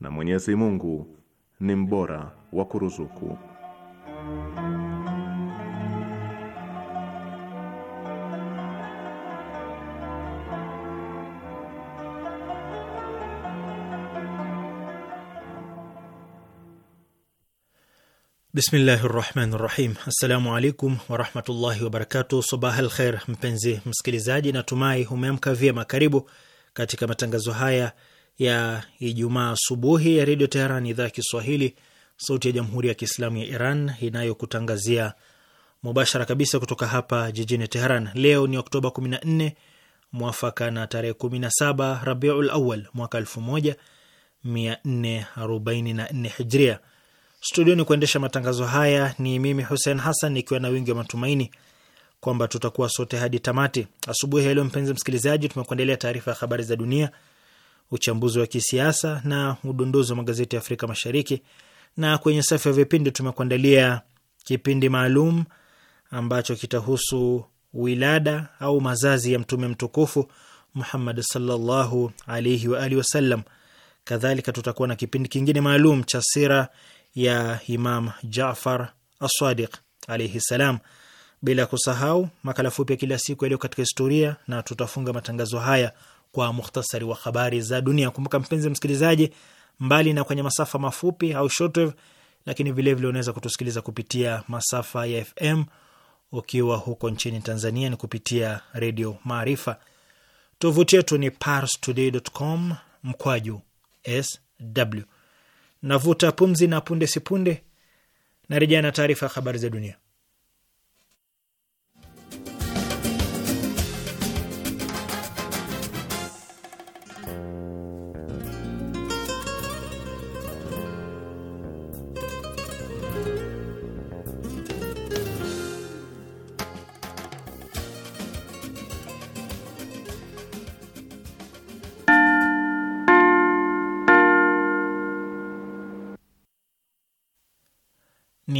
na Mwenyezi Mungu ni mbora wa kuruzuku. Bismillahi rahmani rahim. Assalamu alaikum warahmatullahi wabarakatu. Sabah al kher, mpenzi msikilizaji, natumai umeamka vyema. Karibu katika matangazo haya ya Ijumaa asubuhi ya Redio Teheran, idhaa ya Kiswahili, sauti ya Jamhuri ya Kiislamu ya Iran inayokutangazia mubashara kabisa kutoka hapa jijini Teheran. Leo ni Oktoba 14 mwafaka na tarehe 17 Rabiul Awal mwaka 1444 Hijria. Studioni kuendesha matangazo haya ni mimi Hussein Hassan, nikiwa na wingi wa matumaini kwamba tutakuwa sote hadi tamati asubuhi ya leo. Mpenzi msikilizaji, tumekuandalia taarifa ya habari za dunia uchambuzi wa kisiasa na udondozi wa magazeti ya Afrika Mashariki, na kwenye safu ya vipindi tumekuandalia kipindi maalum ambacho kitahusu wilada au mazazi ya Mtume mtukufu Muhammad sallallahu alaihi wa alihi wasallam. Kadhalika tutakuwa na kipindi kingine maalum cha sira ya Imam Jafar Asadiq alaihi salam, bila kusahau makala fupi ya kila siku yaliyo katika historia, na tutafunga matangazo haya kwa muhtasari wa habari za dunia. Kumbuka mpenzi msikilizaji, mbali na kwenye masafa mafupi au shortwave, lakini vilevile unaweza kutusikiliza kupitia masafa ya FM ukiwa huko nchini Tanzania ni kupitia Redio Maarifa. Tovuti yetu ni parstoday.com mkwaju sw. Navuta pumzi na punde sipunde na rejea na taarifa ya habari za dunia.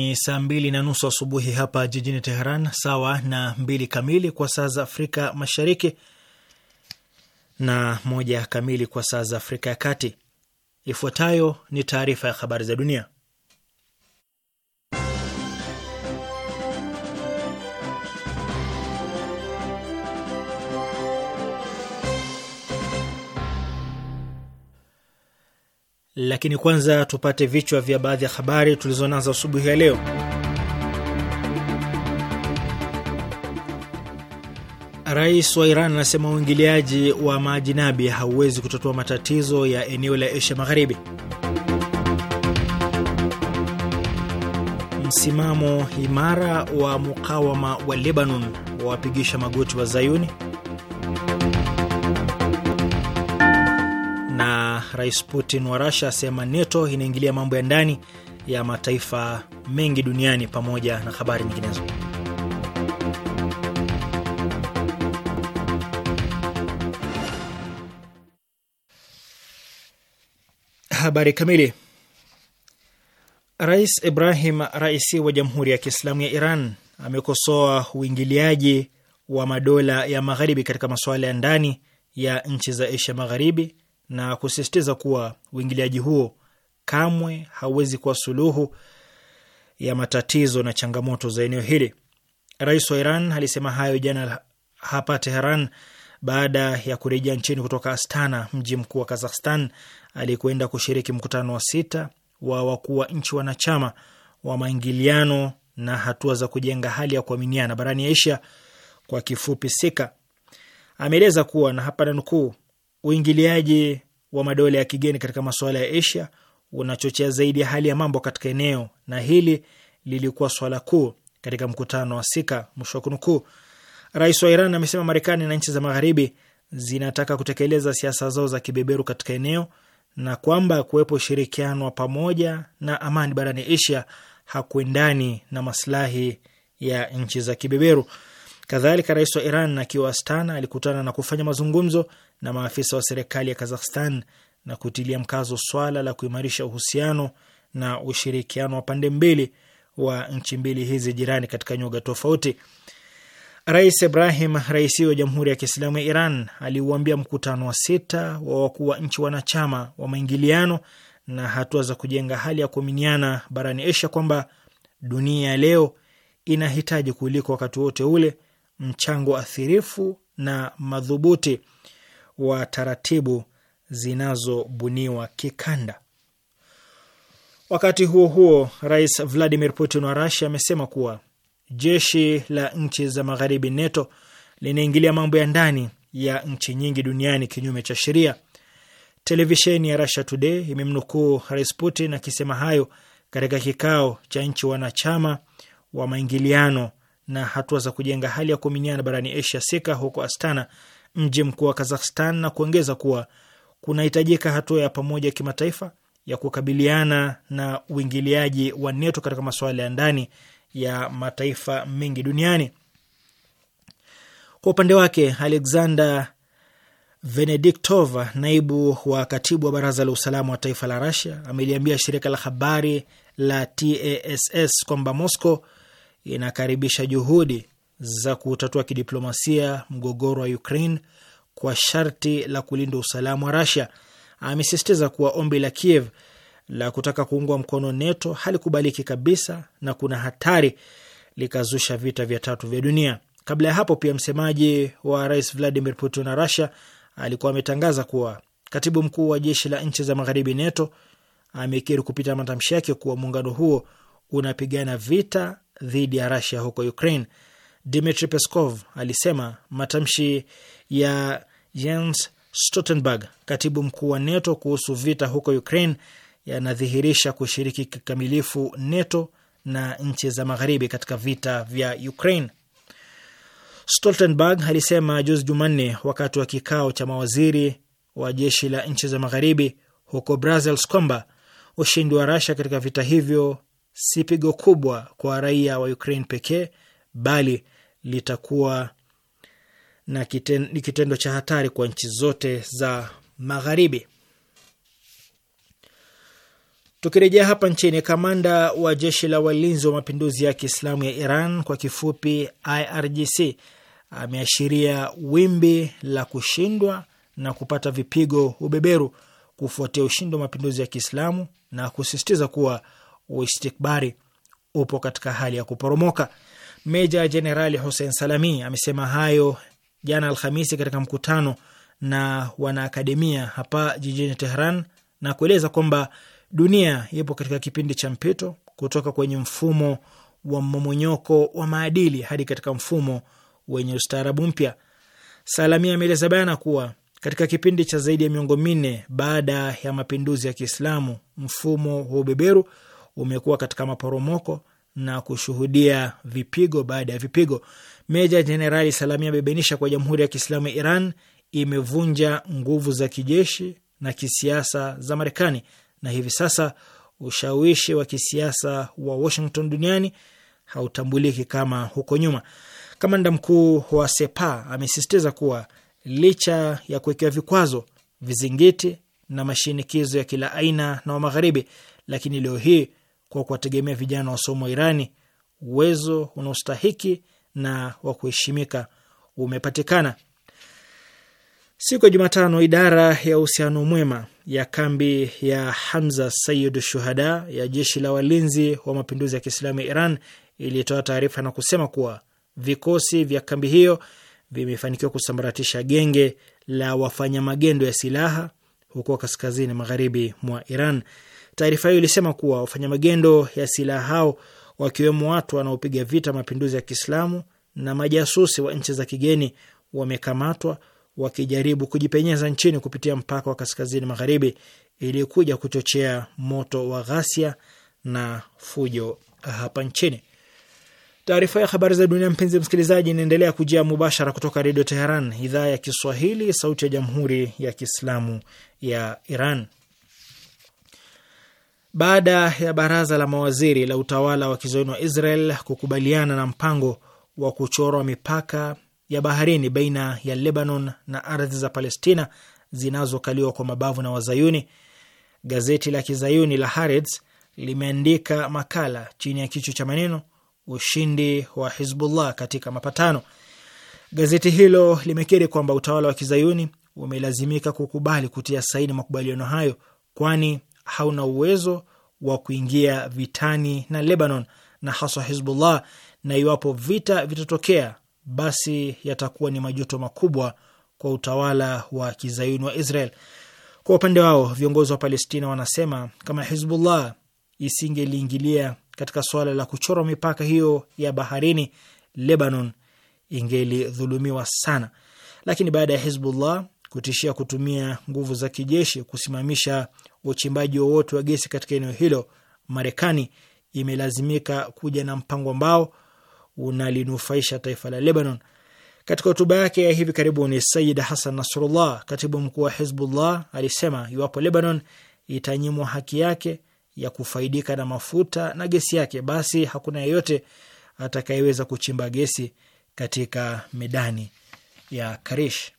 ni saa mbili na nusu asubuhi hapa jijini Teheran, sawa na mbili kamili kwa saa za Afrika Mashariki na moja kamili kwa saa za Afrika ya Kati. Ifuatayo ni taarifa ya habari za dunia, lakini kwanza tupate vichwa vya baadhi ya habari tulizonazo asubuhi ya leo. Rais wa Iran anasema uingiliaji wa majinabi hauwezi kutatua matatizo ya eneo la Asia Magharibi. Msimamo imara wa mukawama wa Lebanon wawapigisha magoti wa Zayuni. Rais Putin wa Russia asema NATO inaingilia mambo ya ndani ya mataifa mengi duniani, pamoja na habari nyinginezo. Habari kamili. Rais Ibrahim Raisi wa Jamhuri ya Kiislamu ya Iran amekosoa uingiliaji wa madola ya magharibi katika masuala ya ndani ya nchi za Asia Magharibi na kusisitiza kuwa uingiliaji huo kamwe hauwezi kuwa suluhu ya matatizo na changamoto za eneo hili. Rais wa Iran alisema hayo jana hapa Teheran baada ya kurejea nchini kutoka Astana, mji mkuu wa Kazakhstan, alikwenda kushiriki mkutano wa sita wa wakuu wa nchi wanachama wa maingiliano na hatua za kujenga hali ya kuaminiana barani Asia, kwa kifupi SIKA. Ameeleza kuwa na hapa nanukuu, uingiliaji wa madola ya kigeni katika masuala ya Asia unachochea zaidi ya hali ya mambo katika eneo, na hili lilikuwa swala kuu katika mkutano wa Sika. Mwisho wa kunukuu. Rais wa Iran amesema Marekani na nchi za Magharibi zinataka kutekeleza siasa zao za kibeberu katika eneo na kwamba kuwepo ushirikiano wa pamoja na amani barani Asia hakuendani na maslahi ya nchi za kibeberu. Kadhalika, rais wa Iran akiwa Astana alikutana na kufanya mazungumzo na maafisa wa serikali ya Kazakhstan na kutilia mkazo swala la kuimarisha uhusiano na ushirikiano wa pande mbili wa nchi mbili hizi jirani katika nyuga tofauti. Rais Ibrahim Raisi wa Jamhuri ya Kiislamu ya Iran aliuambia mkutano wa sita wa wakuu wa nchi wanachama wa maingiliano na hatua za kujenga hali ya kuaminiana barani Asia kwamba dunia ya leo inahitaji kuliko wakati wote ule mchango athirifu na madhubuti wa taratibu zinazobuniwa kikanda. Wakati huo huo, Rais Vladimir Putin wa rasia amesema kuwa jeshi la nchi za magharibi NATO linaingilia mambo ya ndani ya nchi nyingi duniani kinyume cha sheria. Televisheni ya Russia Today imemnukuu Rais Putin akisema hayo katika kikao cha nchi wanachama wa maingiliano na hatua za kujenga hali ya kuaminiana barani Asia sika huko Astana, mji mkuu wa Kazakhstan, na kuongeza kuwa kunahitajika hatua ya pamoja ya kimataifa ya kukabiliana na uingiliaji wa NETO katika masuala ya ndani ya mataifa mengi duniani. Kwa upande wake, Alexander Venediktov, naibu wa katibu wa baraza la usalama wa taifa la Rasia, ameliambia shirika la habari la TASS kwamba Moscow inakaribisha juhudi za kutatua kidiplomasia mgogoro wa Ukraine kwa sharti la kulinda usalama wa Rasia. Amesisitiza kuwa ombi la Kiev la kutaka kuungwa mkono NATO halikubaliki kabisa na kuna hatari likazusha vita vya tatu vya dunia. Kabla ya hapo pia, msemaji wa rais Vladimir Putin wa Rasia alikuwa ametangaza kuwa katibu mkuu wa jeshi la nchi za magharibi NATO amekiri kupita matamshi yake kuwa muungano huo unapigana vita dhidi ya Rasia huko Ukraine. Dmitri Peskov alisema matamshi ya Jens Stoltenberg, katibu mkuu wa NATO, kuhusu vita huko Ukraine yanadhihirisha kushiriki kikamilifu NATO na nchi za magharibi katika vita vya Ukraine. Stoltenberg alisema juzi Jumanne wakati wa kikao cha mawaziri wa jeshi la nchi za magharibi huko Brussels kwamba ushindi wa Russia katika vita hivyo si pigo kubwa kwa raia wa Ukraine pekee, bali litakuwa na kiten, ni kitendo cha hatari kwa nchi zote za Magharibi. Tukirejea hapa nchini, kamanda wa jeshi la walinzi wa mapinduzi ya Kiislamu ya Iran kwa kifupi IRGC ameashiria wimbi la kushindwa na kupata vipigo ubeberu kufuatia ushindi wa mapinduzi ya Kiislamu na kusisitiza kuwa wa istikbari upo katika hali ya kuporomoka. Meja Jenerali Hussein Salami amesema hayo jana Alhamisi katika mkutano na wanaakademia hapa jijini Tehran na kueleza kwamba dunia ipo katika kipindi cha mpito kutoka kwenye mfumo wa mmomonyoko wa maadili hadi katika mfumo wenye ustaarabu mpya. Salami ameeleza bayana kuwa katika kipindi cha zaidi ya miongo minne baada ya mapinduzi ya Kiislamu, mfumo wa ubeberu umekuwa katika maporomoko na kushuhudia vipigo baada ya vipigo. Meja Jenerali Salamia amebainisha kwa Jamhuri ya Kiislamu ya Iran imevunja nguvu za kijeshi na kisiasa za Marekani na hivi sasa ushawishi wa kisiasa wa Washington duniani hautambuliki kama huko nyuma. Kamanda mkuu wa Sepa amesisitiza kuwa licha ya kuwekewa vikwazo, vizingiti na mashinikizo ya kila aina na wa Magharibi, lakini leo hii kwa kuwategemea vijana wasomi wa Irani, uwezo unaostahiki na wa kuheshimika umepatikana. Siku ya Jumatano, idara ya uhusiano mwema ya kambi ya Hamza Sayid Shuhada ya jeshi la walinzi wa mapinduzi ya Kiislamu ya Iran ilitoa taarifa na kusema kuwa vikosi vya kambi hiyo vimefanikiwa kusambaratisha genge la wafanya magendo ya silaha huko kaskazini magharibi mwa Iran. Taarifa hiyo ilisema kuwa wafanya magendo ya silaha hao wakiwemo watu wanaopiga vita mapinduzi ya Kiislamu na majasusi wa nchi za kigeni wamekamatwa wakijaribu kujipenyeza nchini kupitia mpaka wa kaskazini magharibi ili kuja kuchochea moto wa ghasia na fujo hapa nchini. Taarifa ya habari za dunia, mpenzi msikilizaji, inaendelea kujia mubashara kutoka Redio Teheran, idhaa ya Kiswahili, sauti ya jamhuri ya Kiislamu ya Iran baada ya baraza la mawaziri la utawala wa kizayuni wa Israel kukubaliana na mpango wa kuchorwa mipaka ya baharini baina ya Lebanon na ardhi za Palestina zinazokaliwa kwa mabavu na Wazayuni, gazeti la kizayuni la Haaretz limeandika makala chini ya kichwa cha maneno ushindi wa Hizbullah katika mapatano. Gazeti hilo limekiri kwamba utawala wa kizayuni umelazimika kukubali kutia saini makubaliano hayo, kwani hauna uwezo wa kuingia vitani na Lebanon na haswa Hizbullah, na iwapo vita vitatokea, basi yatakuwa ni majuto makubwa kwa utawala wa kizayuni wa Israel. Kwa upande wao viongozi wa Palestina wanasema kama Hizbullah isingeliingilia katika suala la kuchora mipaka hiyo ya baharini, Lebanon ingelidhulumiwa sana. Lakini baada ya Hizbullah kutishia kutumia nguvu za kijeshi kusimamisha uchimbaji wowote wa gesi katika eneo hilo, Marekani imelazimika kuja na mpango ambao unalinufaisha taifa la Lebanon. Katika hotuba yake ya hivi karibuni, Sayid Hasan Nasrullah, katibu mkuu wa Hizbullah, alisema iwapo Lebanon itanyimwa haki yake ya kufaidika na mafuta na gesi yake, basi hakuna yeyote atakayeweza kuchimba gesi katika medani ya Karish.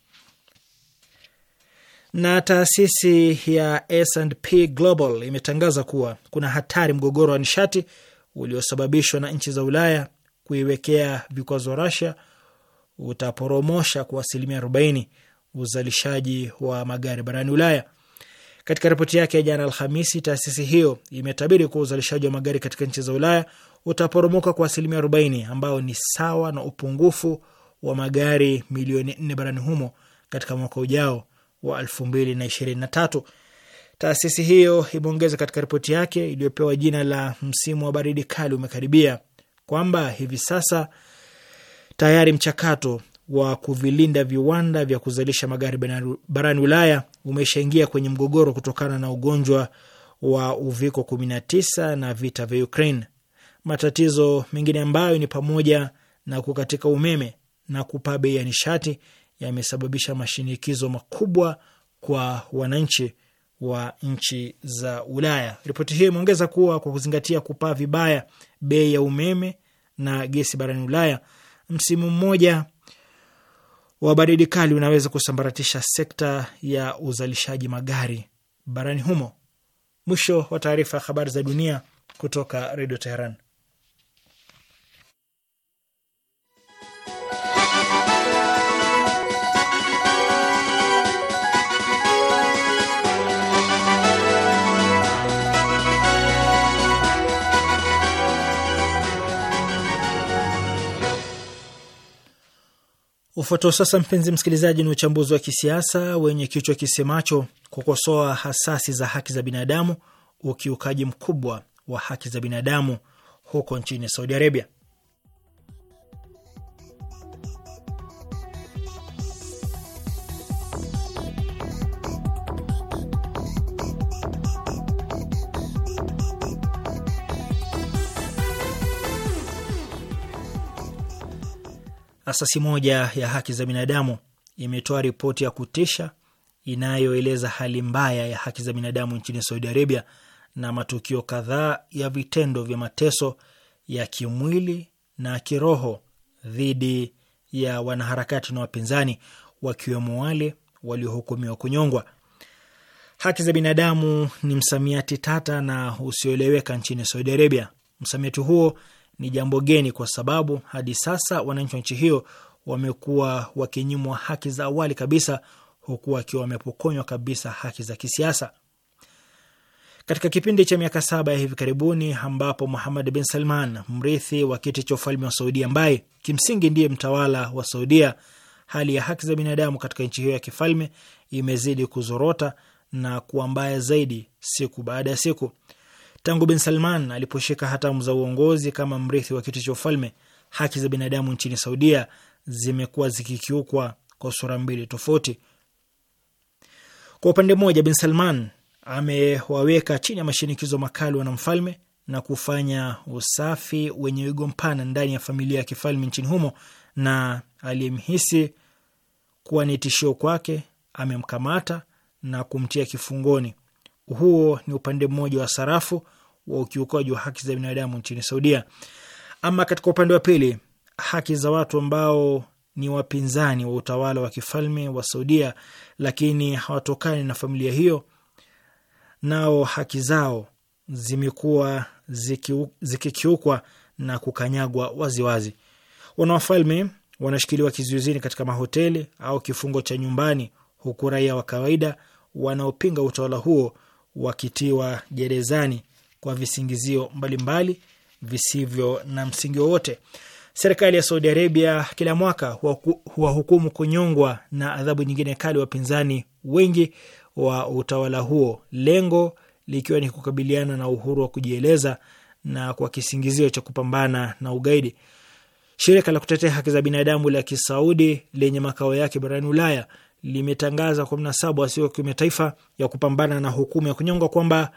Na taasisi ya S&P Global imetangaza kuwa kuna hatari mgogoro wa nishati uliosababishwa na nchi za Ulaya kuiwekea vikwazo Russia utaporomosha kwa asilimia 40 uzalishaji wa magari barani Ulaya. Katika ripoti yake ya jana Alhamisi, taasisi hiyo imetabiri kuwa uzalishaji wa magari katika nchi za Ulaya utaporomoka kwa asilimia 40 ambao ni sawa na upungufu wa magari milioni 4 barani humo katika mwaka ujao wa 2023. Taasisi hiyo imeongeza katika ripoti yake iliyopewa jina la msimu wa baridi kali umekaribia kwamba hivi sasa tayari mchakato wa kuvilinda viwanda vya kuzalisha magari barani Ulaya umeshaingia kwenye mgogoro kutokana na ugonjwa wa uviko 19 na vita vya Ukraine. Matatizo mengine ambayo ni pamoja na kukatika umeme na kupaa bei ya nishati yamesababisha mashinikizo makubwa kwa wananchi wa nchi za Ulaya. Ripoti hiyo imeongeza kuwa kwa kuzingatia kupaa vibaya bei ya umeme na gesi barani Ulaya, msimu mmoja wa baridi kali unaweza kusambaratisha sekta ya uzalishaji magari barani humo. Mwisho wa taarifa ya habari za dunia kutoka Redio Teheran. Ufuatao sasa, mpenzi msikilizaji, ni uchambuzi wa kisiasa wenye kichwa kisemacho kukosoa hasasi za haki za binadamu, ukiukaji mkubwa wa haki za binadamu huko nchini Saudi Arabia. Asasi moja ya haki za binadamu imetoa ripoti ya kutisha inayoeleza hali mbaya ya haki za binadamu nchini Saudi Arabia na matukio kadhaa ya vitendo vya mateso ya kimwili na kiroho dhidi ya wanaharakati na wapinzani wakiwemo wale waliohukumiwa kunyongwa. Haki za binadamu ni msamiati tata na usioeleweka nchini Saudi Arabia. Msamiati huo ni jambo geni, kwa sababu hadi sasa wananchi wa nchi hiyo wamekuwa wakinyimwa haki za awali kabisa, huku wakiwa wamepokonywa kabisa haki za kisiasa. Katika kipindi cha miaka saba ya hivi karibuni ambapo Muhamad bin Salman, mrithi wa kiti cha ufalme wa Saudia, ambaye kimsingi ndiye mtawala wa Saudia, hali ya haki za binadamu katika nchi hiyo ya kifalme imezidi kuzorota na kuwa mbaya zaidi siku baada ya siku. Tangu Bin Salman aliposhika hatamu za uongozi kama mrithi wa kiti cha ufalme, haki za binadamu nchini Saudia zimekuwa zikikiukwa kwa sura mbili tofauti. Kwa upande mmoja, Bin Salman amewaweka chini ya mashinikizo makali wanamfalme na kufanya usafi wenye wigo mpana ndani ya familia ya kifalme nchini humo, na aliyemhisi kuwa ni tishio kwake amemkamata na kumtia kifungoni huo ni upande mmoja wa sarafu wa ukiukaji wa haki za binadamu nchini Saudia. Ama katika upande wa pili, haki za watu ambao ni wapinzani wa utawala wa kifalme wa Saudia, lakini hawatokani na familia hiyo, nao haki zao zimekuwa zikikiukwa ziki na kukanyagwa waziwazi. Wanawafalme wanashikiliwa kizuizini katika mahoteli au kifungo cha nyumbani, huku raia wa kawaida wanaopinga utawala huo wakitiwa gerezani kwa visingizio mbalimbali visivyo na msingi wowote. Serikali ya Saudi Arabia kila mwaka huwahukumu kunyongwa na adhabu nyingine kali wapinzani wengi wa utawala huo, lengo likiwa ni kukabiliana na uhuru wa kujieleza na kwa kisingizio cha kupambana na ugaidi. Shirika la kutetea haki za binadamu la Kisaudi lenye makao yake barani Ulaya limetangaza kwa mnasaba wa siku ya kimataifa ya kupambana na hukumu ya kunyongwa kwamba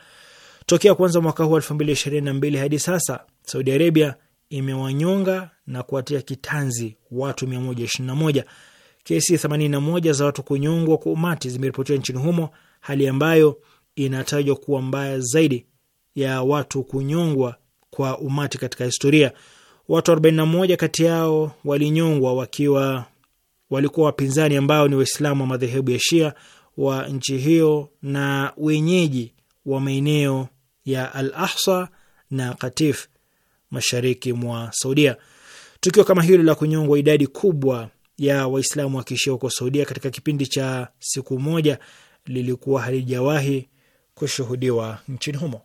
tokea kwanza mwaka huu elfu mbili ishirini na mbili hadi sasa Saudi Arabia imewanyonga na kuwatia kitanzi watu mia moja ishirini na moja. Kesi themanini na moja za watu kunyongwa kwa umati zimeripotiwa nchini humo, hali ambayo inatajwa kuwa mbaya zaidi ya watu kunyongwa kwa umati katika historia. Watu 41 kati yao walinyongwa wakiwa walikuwa wapinzani ambao ni Waislamu wa madhehebu ya Shia wa nchi hiyo na wenyeji wa maeneo ya Al Ahsa na Katif mashariki mwa Saudia. Tukio kama hilo la kunyongwa idadi kubwa ya Waislamu wa Kishia huko Saudia katika kipindi cha siku moja lilikuwa halijawahi kushuhudiwa nchini humo.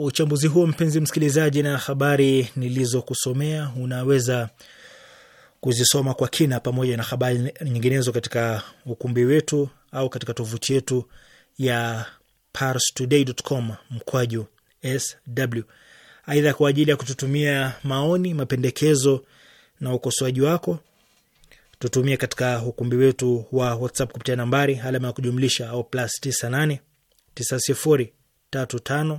Uchambuzi huo mpenzi msikilizaji, na habari nilizokusomea unaweza kuzisoma kwa kina pamoja na habari nyinginezo katika ukumbi wetu au katika tovuti yetu ya parstoday.com mkwaju sw. Aidha, kwa ajili ya kututumia maoni, mapendekezo na ukosoaji wako, tutumie katika ukumbi wetu wa WhatsApp kupitia nambari alama ya kujumlisha au plus 98 90 35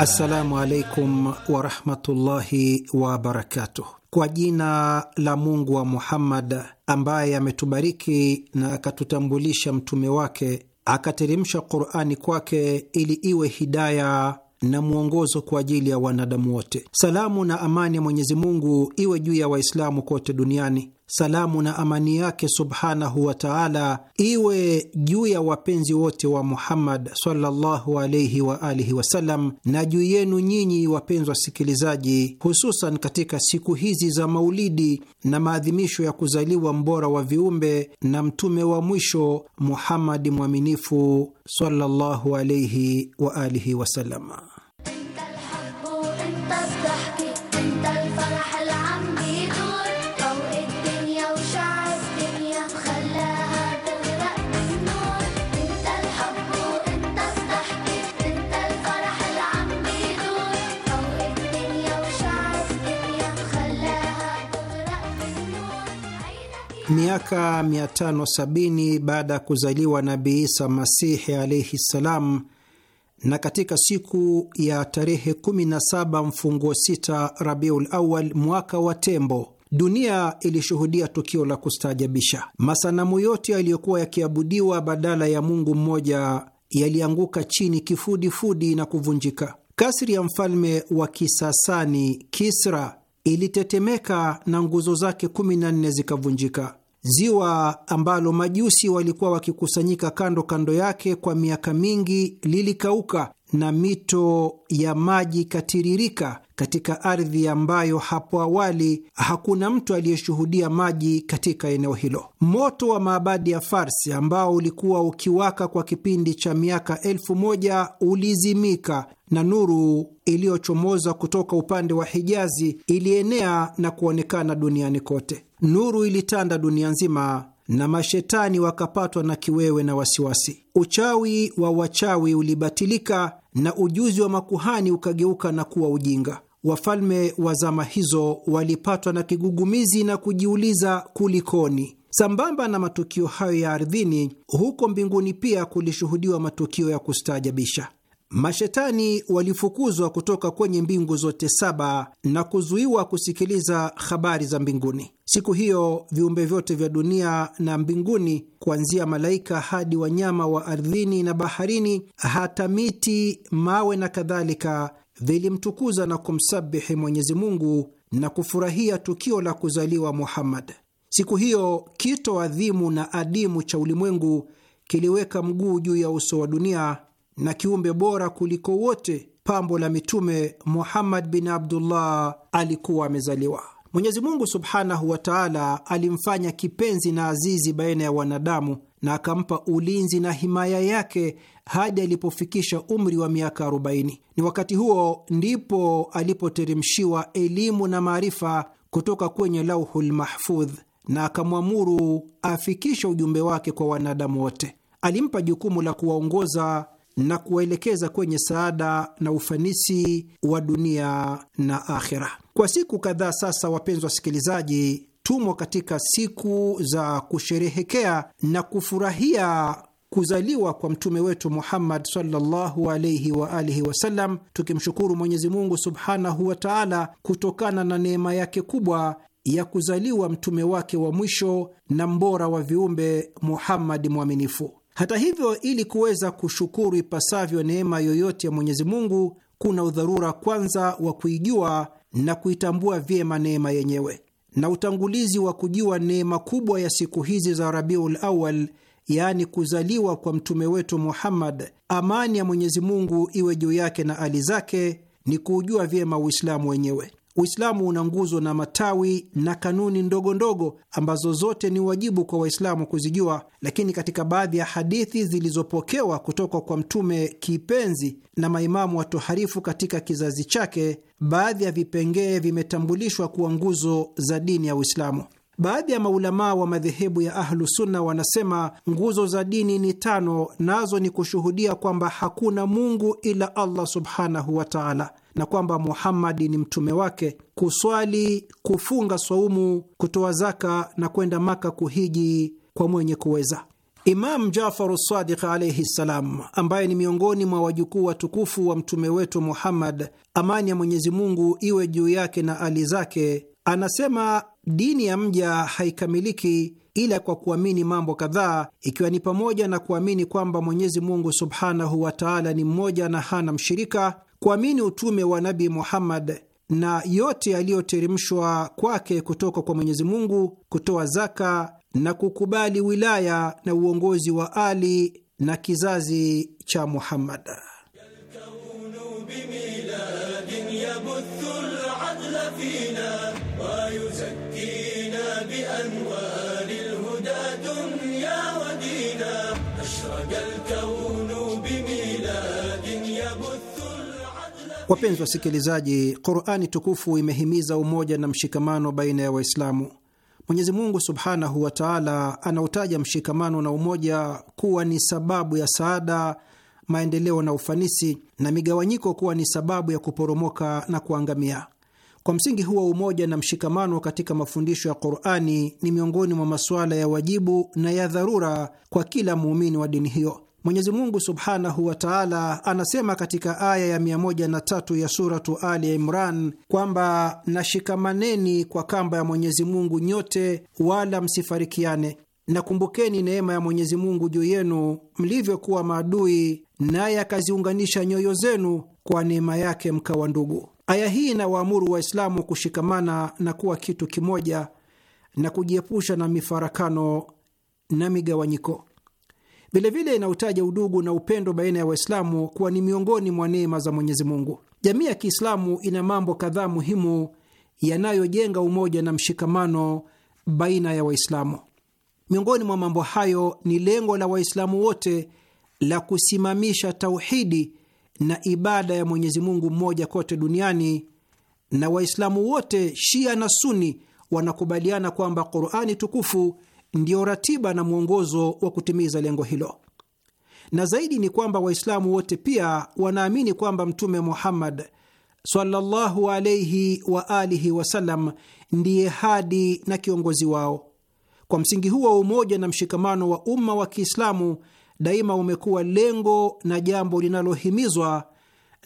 Assalamu alaikum warahmatullahi wabarakatuh. Kwa jina la Mungu wa Muhammad ambaye ametubariki na akatutambulisha mtume wake akateremsha Qurani kwake ili iwe hidaya na mwongozo kwa ajili ya wanadamu wote. Salamu na amani ya Mwenyezi Mungu iwe juu ya Waislamu kote duniani salamu na amani yake subhanahu wa taala iwe juu ya wapenzi wote wa Muhammad sallallahu alaihi wa alihi wasallam na juu yenu nyinyi wapenzi wasikilizaji, hususan katika siku hizi za Maulidi na maadhimisho ya kuzaliwa mbora wa viumbe na mtume wa mwisho Muhammadi mwaminifu sallallahu alaihi wa alihi wasallam. Miaka 570 baada ya kuzaliwa Nabi Isa Masihi alaihi ssalam, na katika siku ya tarehe 17 mfunguo 6 Rabiul Awal mwaka wa Tembo, dunia ilishuhudia tukio la kustaajabisha. Masanamu yote yaliyokuwa yakiabudiwa badala ya Mungu mmoja yalianguka chini kifudifudi na kuvunjika. Kasri ya mfalme wa Kisasani Kisra ilitetemeka na nguzo zake 14 zikavunjika. Ziwa ambalo majusi walikuwa wakikusanyika kando kando yake kwa miaka mingi lilikauka na mito ya maji katiririka katika ardhi ambayo hapo awali hakuna mtu aliyeshuhudia maji katika eneo hilo. Moto wa maabadi ya Farsi ambao ulikuwa ukiwaka kwa kipindi cha miaka elfu moja ulizimika na nuru iliyochomoza kutoka upande wa Hijazi ilienea na kuonekana duniani kote nuru ilitanda dunia nzima na mashetani wakapatwa na kiwewe na wasiwasi. Uchawi wa wachawi ulibatilika na ujuzi wa makuhani ukageuka na kuwa ujinga. Wafalme wa zama hizo walipatwa na kigugumizi na kujiuliza kulikoni. Sambamba na matukio hayo ya ardhini, huko mbinguni pia kulishuhudiwa matukio ya kustaajabisha. Mashetani walifukuzwa kutoka kwenye mbingu zote saba na kuzuiwa kusikiliza habari za mbinguni. Siku hiyo viumbe vyote vya dunia na mbinguni, kuanzia malaika hadi wanyama wa ardhini na baharini, hata miti, mawe na kadhalika, vilimtukuza na kumsabihi Mwenyezi Mungu na kufurahia tukio la kuzaliwa Muhammad. Siku hiyo kito adhimu na adimu cha ulimwengu kiliweka mguu juu ya uso wa dunia na kiumbe bora kuliko wote, pambo la mitume Muhammad bin Abdullah alikuwa amezaliwa. Mwenyezi Mungu subhanahu wa taala alimfanya kipenzi na azizi baina ya wanadamu na akampa ulinzi na himaya yake hadi alipofikisha umri wa miaka 40. Ni wakati huo ndipo alipoteremshiwa elimu na maarifa kutoka kwenye Lauhul Mahfudh na akamwamuru afikishe ujumbe wake kwa wanadamu wote. Alimpa jukumu la kuwaongoza na kuwaelekeza kwenye saada na ufanisi wa dunia na akhira. Kwa siku kadhaa sasa, wapenzi wasikilizaji, tumo katika siku za kusherehekea na kufurahia kuzaliwa kwa mtume wetu Muhammad sallallahu alaihi wa alihi wasallam, tukimshukuru Mwenyezi Mungu subhanahu wa taala kutokana na neema yake kubwa ya kuzaliwa mtume wake wa mwisho na mbora wa viumbe muhammadi mwaminifu. Hata hivyo, ili kuweza kushukuru ipasavyo neema yoyote ya Mwenyezi Mungu, kuna udharura kwanza wa kuijua na kuitambua vyema neema yenyewe, na utangulizi wa kujua neema kubwa ya siku hizi za Rabiul Awal, yaani kuzaliwa kwa mtume wetu Muhammad, amani ya Mwenyezi Mungu iwe juu yake na ali zake, ni kuujua vyema Uislamu wenyewe. Uislamu una nguzo na matawi na kanuni ndogo ndogo ambazo zote ni wajibu kwa Waislamu kuzijua, lakini katika baadhi ya hadithi zilizopokewa kutoka kwa Mtume kipenzi na maimamu watoharifu katika kizazi chake, baadhi ya vipengee vimetambulishwa kuwa nguzo za dini ya Uislamu. Baadhi ya maulamaa wa madhehebu ya Ahlusunna wanasema nguzo za dini ni tano, nazo ni kushuhudia kwamba hakuna Mungu ila Allah subhanahu wa taala na kwamba Muhammadi ni mtume wake. Kuswali, kufunga swaumu, kutoa zaka na kwenda Maka kuhiji kwa mwenye kuweza. Imam Jafaru Sadiq alaihi ssalam, ambaye ni miongoni mwa wajukuu watukufu wa mtume wetu Muhammad, amani ya Mwenyezi Mungu iwe juu yake na ali zake, anasema dini ya mja haikamiliki ila kwa kuamini mambo kadhaa, ikiwa ni pamoja na kuamini kwamba Mwenyezi Mungu subhanahu wa taala ni mmoja na hana mshirika Kuamini utume wa Nabi Muhammad na yote yaliyoteremshwa kwake kutoka kwa Mwenyezi Mungu, kutoa zaka na kukubali wilaya na uongozi wa Ali na kizazi cha Muhammad. Wapenzi wasikilizaji, Qurani tukufu imehimiza umoja na mshikamano baina ya Waislamu. Mwenyezi Mungu subhanahu wa taala anautaja mshikamano na umoja kuwa ni sababu ya saada, maendeleo na ufanisi, na migawanyiko kuwa ni sababu ya kuporomoka na kuangamia. Kwa msingi huo, umoja na mshikamano katika mafundisho ya Qurani ni miongoni mwa masuala ya wajibu na ya dharura kwa kila muumini wa dini hiyo. Mwenyezi Mungu subhanahu wa taala anasema katika aya ya 103 ya Suratu Ali Imran kwamba nashikamaneni kwa kamba ya Mwenyezi Mungu nyote, wala msifarikiane, na kumbukeni neema ya Mwenyezi Mungu juu yenu mlivyokuwa maadui, naye akaziunganisha nyoyo zenu kwa neema yake mkawa ndugu. Aya hii inawaamuru Waislamu kushikamana na kuwa kitu kimoja na kujiepusha na mifarakano na migawanyiko. Vilevile inautaja udugu na upendo baina ya Waislamu kuwa ni miongoni mwa neema za Mwenyezi Mungu. Jamii ya Kiislamu ina mambo kadhaa muhimu yanayojenga umoja na mshikamano baina ya Waislamu. Miongoni mwa mambo hayo ni lengo la Waislamu wote la kusimamisha tauhidi na ibada ya Mwenyezi Mungu mmoja kote duniani, na Waislamu wote Shia na Suni wanakubaliana kwamba Qurani tukufu ndiyo ratiba na mwongozo wa kutimiza lengo hilo. Na zaidi ni kwamba Waislamu wote pia wanaamini kwamba Mtume Muhammad sallallahu alaihi wa alihi wasallam ndiye hadi na kiongozi wao. Kwa msingi huo, umoja na mshikamano wa umma wa Kiislamu daima umekuwa lengo na jambo linalohimizwa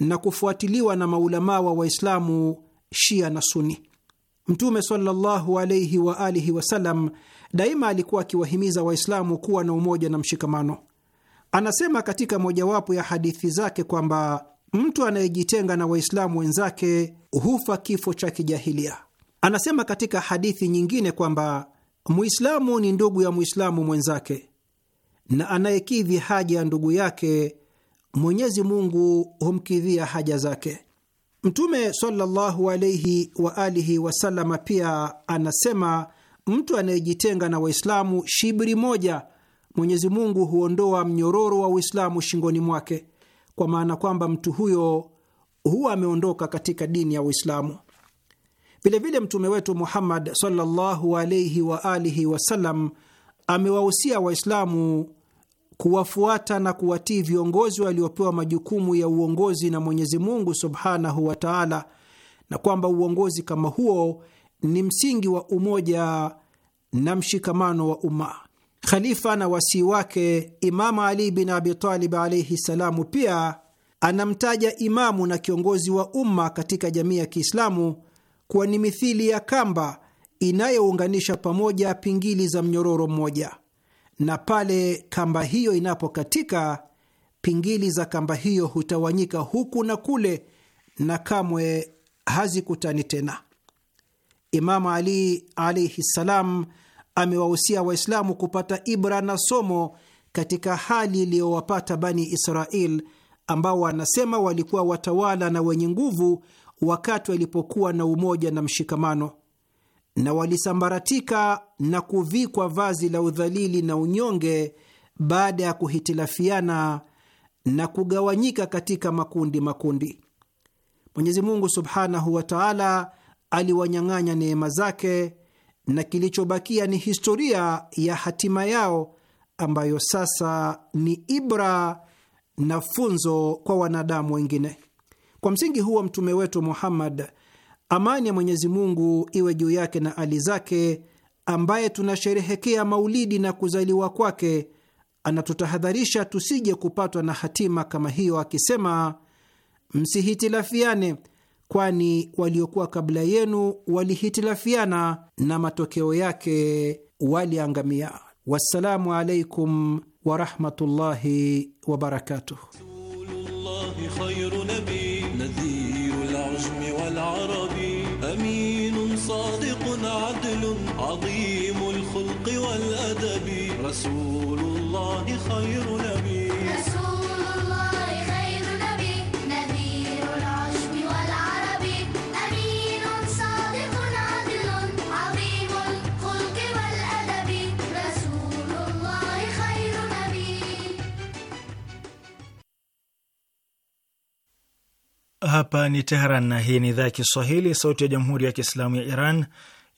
na kufuatiliwa na maulamaa wa Waislamu Shia na Suni. Mtume sallallahu alaihi wa alihi wasallam daima alikuwa akiwahimiza Waislamu kuwa na umoja na mshikamano. Anasema katika mojawapo ya hadithi zake kwamba mtu anayejitenga na Waislamu wenzake hufa kifo cha kijahilia. Anasema katika hadithi nyingine kwamba Muislamu ni ndugu ya Muislamu mwenzake, na anayekidhi haja ya ndugu yake Mwenyezi Mungu humkidhia haja zake. Mtume sallallahu alaihi wa alihi wasalama pia anasema, mtu anayejitenga na Waislamu shibri moja, Mwenyezi Mungu huondoa mnyororo wa Uislamu shingoni mwake, kwa maana kwamba mtu huyo huwa ameondoka katika dini ya Uislamu. Vilevile mtume wetu Muhammad sallallahu alaihi wa alihi wasallam amewahusia Waislamu kuwafuata na kuwatii viongozi waliopewa majukumu ya uongozi na Mwenyezi Mungu subhanahu wa taala, na kwamba uongozi kama huo ni msingi wa umoja na mshikamano wa umma. Khalifa na wasii wake Imamu Ali bin Abitalib alaihi salamu pia anamtaja imamu na kiongozi wa umma katika jamii ya Kiislamu kuwa ni mithili ya kamba inayounganisha pamoja pingili za mnyororo mmoja na pale kamba hiyo inapokatika, pingili za kamba hiyo hutawanyika huku na kule na kamwe hazikutani tena. Imamu Ali alaihi ssalam amewahusia Waislamu kupata ibra na somo katika hali iliyowapata Bani Israel ambao wanasema walikuwa watawala na wenye nguvu wakati walipokuwa na umoja na mshikamano na walisambaratika na kuvikwa vazi la udhalili na unyonge baada ya kuhitilafiana na kugawanyika katika makundi makundi. Mwenyezi Mungu subhanahu wa taala aliwanyang'anya neema zake na kilichobakia ni historia ya hatima yao ambayo sasa ni ibra na funzo kwa wanadamu wengine. Kwa msingi huo, mtume wetu Muhammad Amani ya Mwenyezi Mungu iwe juu yake na ali zake, ambaye tunasherehekea maulidi na kuzaliwa kwake, anatutahadharisha tusije kupatwa na hatima kama hiyo, akisema: msihitilafiane, kwani waliokuwa kabla yenu walihitilafiana na matokeo yake waliangamia. Wassalamu alaikum warahmatullahi wabarakatuh. صادق عدل عظيم الخلق والأدب رسول الله خير نبي Hapa ni Teheran na hii ni idhaa ya Kiswahili, sauti ya jamhuri ya kiislamu ya Iran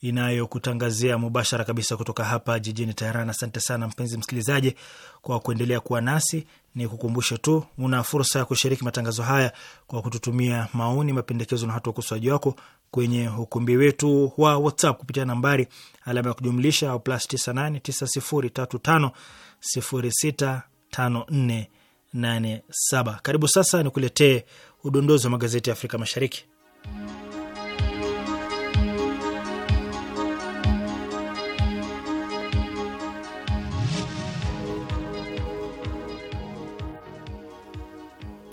inayokutangazia mubashara kabisa kutoka hapa jijini Teheran. Asante sana mpenzi msikilizaji kwa kuendelea kuwa nasi. Ni kukumbushe tu una fursa ya kushiriki matangazo haya kwa kututumia maoni, mapendekezo na hata ukosoaji wako kwenye ukumbi wetu wa WhatsApp kupitia nambari alama ya kujumlisha au plus 989035065487. Karibu sasa nikuletee udondozi wa magazeti ya Afrika Mashariki.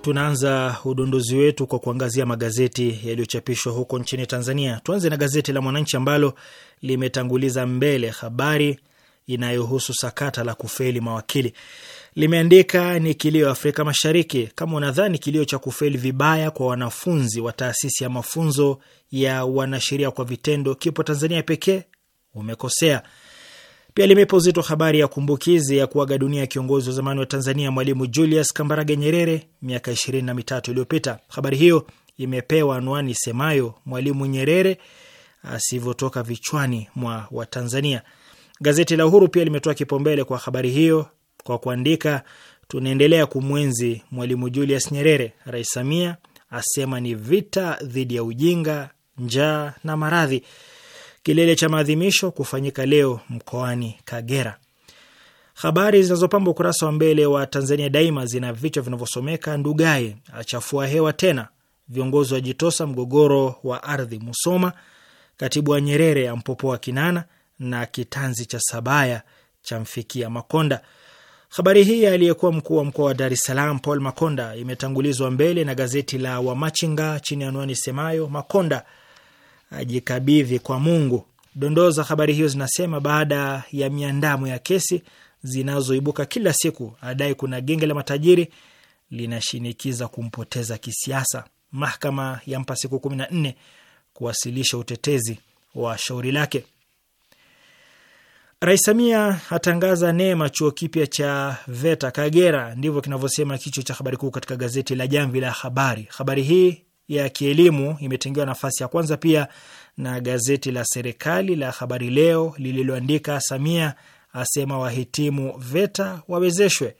Tunaanza udondozi wetu kwa kuangazia magazeti yaliyochapishwa huko nchini Tanzania. Tuanze na gazeti la Mwananchi ambalo limetanguliza mbele habari inayohusu sakata la kufeli mawakili. Limeandika ni kilio Afrika Mashariki. Kama unadhani kilio cha kufeli vibaya kwa wanafunzi wa taasisi ya mafunzo ya wanasheria kwa vitendo kipo Tanzania pekee, umekosea. Pia limepa uzito habari ya kumbukizi ya kuaga dunia ya kiongozi wa zamani wa Tanzania Mwalimu Julius Kambarage Nyerere miaka ishirini na mitatu iliyopita. Habari hiyo imepewa anwani semayo Mwalimu Nyerere asivyotoka vichwani mwa Watanzania. Gazeti la Uhuru pia limetoa kipaumbele kwa habari hiyo kwa kuandika, tunaendelea kumwenzi Mwalimu Julius Nyerere. Rais Samia asema ni vita dhidi ya ujinga, njaa na maradhi. Kilele cha maadhimisho kufanyika leo mkoani Kagera. Habari zinazopamba ukurasa wa mbele wa Tanzania Daima zina vichwa vinavyosomeka: Ndugai achafua hewa tena, viongozi wajitosa mgogoro wa ardhi Musoma, katibu wa Nyerere ampopoa Kinana, na kitanzi cha Sabaya cha mfikia Makonda. Habari hii aliyekuwa mkuu wa mkoa wa Dar es Salaam Paul Makonda imetangulizwa mbele na gazeti la Wamachinga chini ya anwani semayo Makonda ajikabidhi kwa Mungu. Dondoo za habari hiyo zinasema baada ya miandamo ya kesi zinazoibuka kila siku, adai kuna genge la matajiri linashinikiza kumpoteza kisiasa. Mahakama yampa siku kumi na nne kuwasilisha utetezi wa shauri lake. Rais Samia atangaza neema chuo kipya cha VETA Kagera, ndivyo kinavyosema kichwa cha habari kuu katika gazeti la Jamvi la Habari. Habari hii ya kielimu imetengewa nafasi ya kwanza pia na gazeti la serikali la Habari Leo lililoandika Samia asema wahitimu VETA wawezeshwe.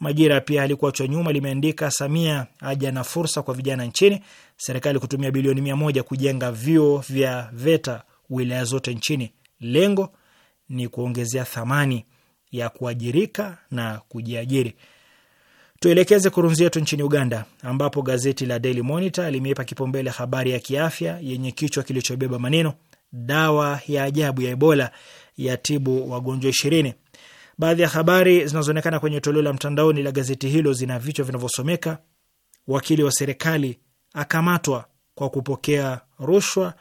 Majira pia alikuachwa nyuma limeandika Samia aja na fursa kwa vijana nchini, serikali kutumia bilioni mia moja kujenga vyuo vya VETA wilaya zote nchini, lengo ni kuongezea thamani ya kuajirika na kujiajiri. Tuelekeze kurunzi yetu nchini Uganda, ambapo gazeti la Daily Monitor limeipa kipaumbele habari ya kiafya yenye kichwa kilichobeba maneno dawa ya ajabu ya Ebola ya tibu wagonjwa ishirini. Baadhi ya habari zinazoonekana kwenye toleo la mtandaoni la gazeti hilo zina vichwa vinavyosomeka: wakili wa serikali akamatwa kwa kupokea rushwa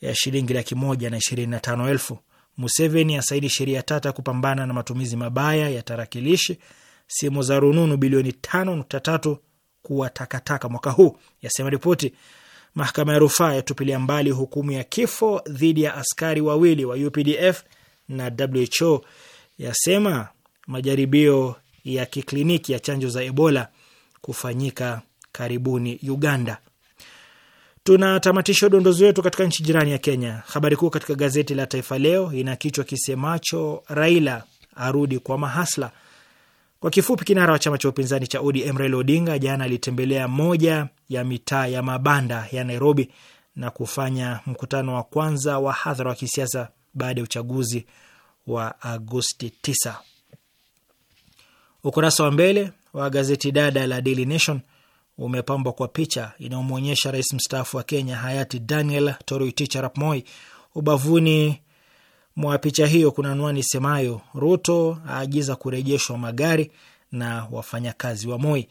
ya shilingi laki moja na ishirini na tano elfu Museveni asaidi sheria tata kupambana na matumizi mabaya ya tarakilishi, simu za rununu bilioni 5.3 kuwa takataka mwaka huu, yasema ripoti. Mahakama ya rufaa yatupilia mbali hukumu ya kifo dhidi ya askari wawili wa UPDF na WHO yasema majaribio ya kikliniki ya chanjo za Ebola kufanyika karibuni Uganda. Tunatamatisha udondozi wetu katika nchi jirani ya Kenya. Habari kuu katika gazeti la Taifa Leo ina kichwa kisemacho Raila arudi kwa mahasla. Kwa kifupi, kinara wa chama cha upinzani cha ODM Raila Odinga jana alitembelea moja ya mitaa ya mabanda ya Nairobi na kufanya mkutano wa kwanza wa hadhara wa kisiasa baada ya uchaguzi wa Agosti 9. Ukurasa wa mbele wa gazeti dada la Daily Nation umepambwa kwa picha inayomwonyesha rais mstaafu wa Kenya hayati Daniel Toroitich arap Moi. Ubavuni mwa picha hiyo kuna anwani semayo Ruto aagiza kurejeshwa magari na wafanyakazi wa Moi.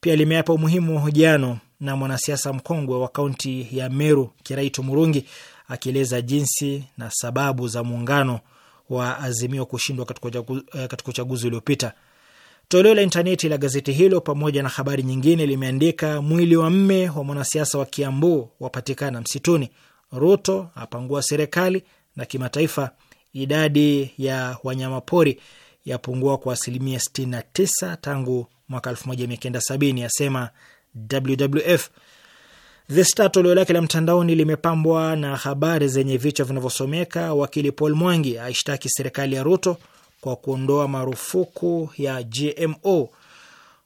Pia limeapa umuhimu wa hojiano na mwanasiasa mkongwe wa kaunti ya Meru Kiraitu Murungi akieleza jinsi na sababu za muungano wa Azimio kushindwa katika eh, uchaguzi uliopita. Toleo la intaneti la gazeti hilo pamoja na habari nyingine limeandika mwili wa mme wa mwanasiasa wa Kiambu wapatikana msituni, Ruto apangua serikali, na kimataifa idadi ya wanyamapori yapungua kwa asilimia 69 tangu mwaka 1970 asema WWF. The Star toleo lake la mtandaoni limepambwa na habari zenye vichwa vinavyosomeka wakili Paul Mwangi aishtaki serikali ya Ruto kwa kuondoa marufuku ya GMO.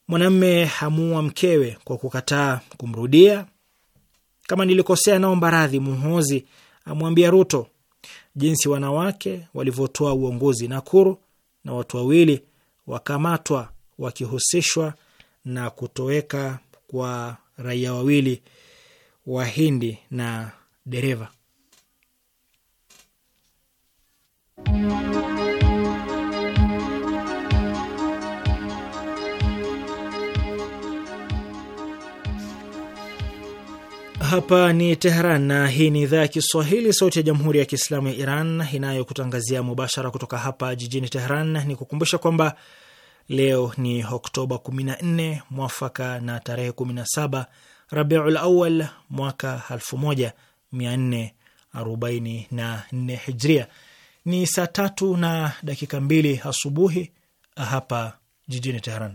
Mwanamme hamua mkewe kwa kukataa kumrudia. Kama nilikosea, naomba radhi. Muhozi amwambia Ruto jinsi wanawake walivyotoa uongozi Nakuru, na watu wawili wakamatwa wakihusishwa na kutoweka kwa raia wawili Wahindi na dereva. Hapa ni Tehran na hii ni idhaa ya Kiswahili, sauti ya jamhuri ya kiislamu ya Iran inayokutangazia mubashara kutoka hapa jijini Tehran. Ni kukumbusha kwamba leo ni Oktoba 14 mwafaka na tarehe 17 Rabiul Awal mwaka 1444 Hijria. Ni saa tatu na dakika mbili asubuhi hapa jijini Tehran.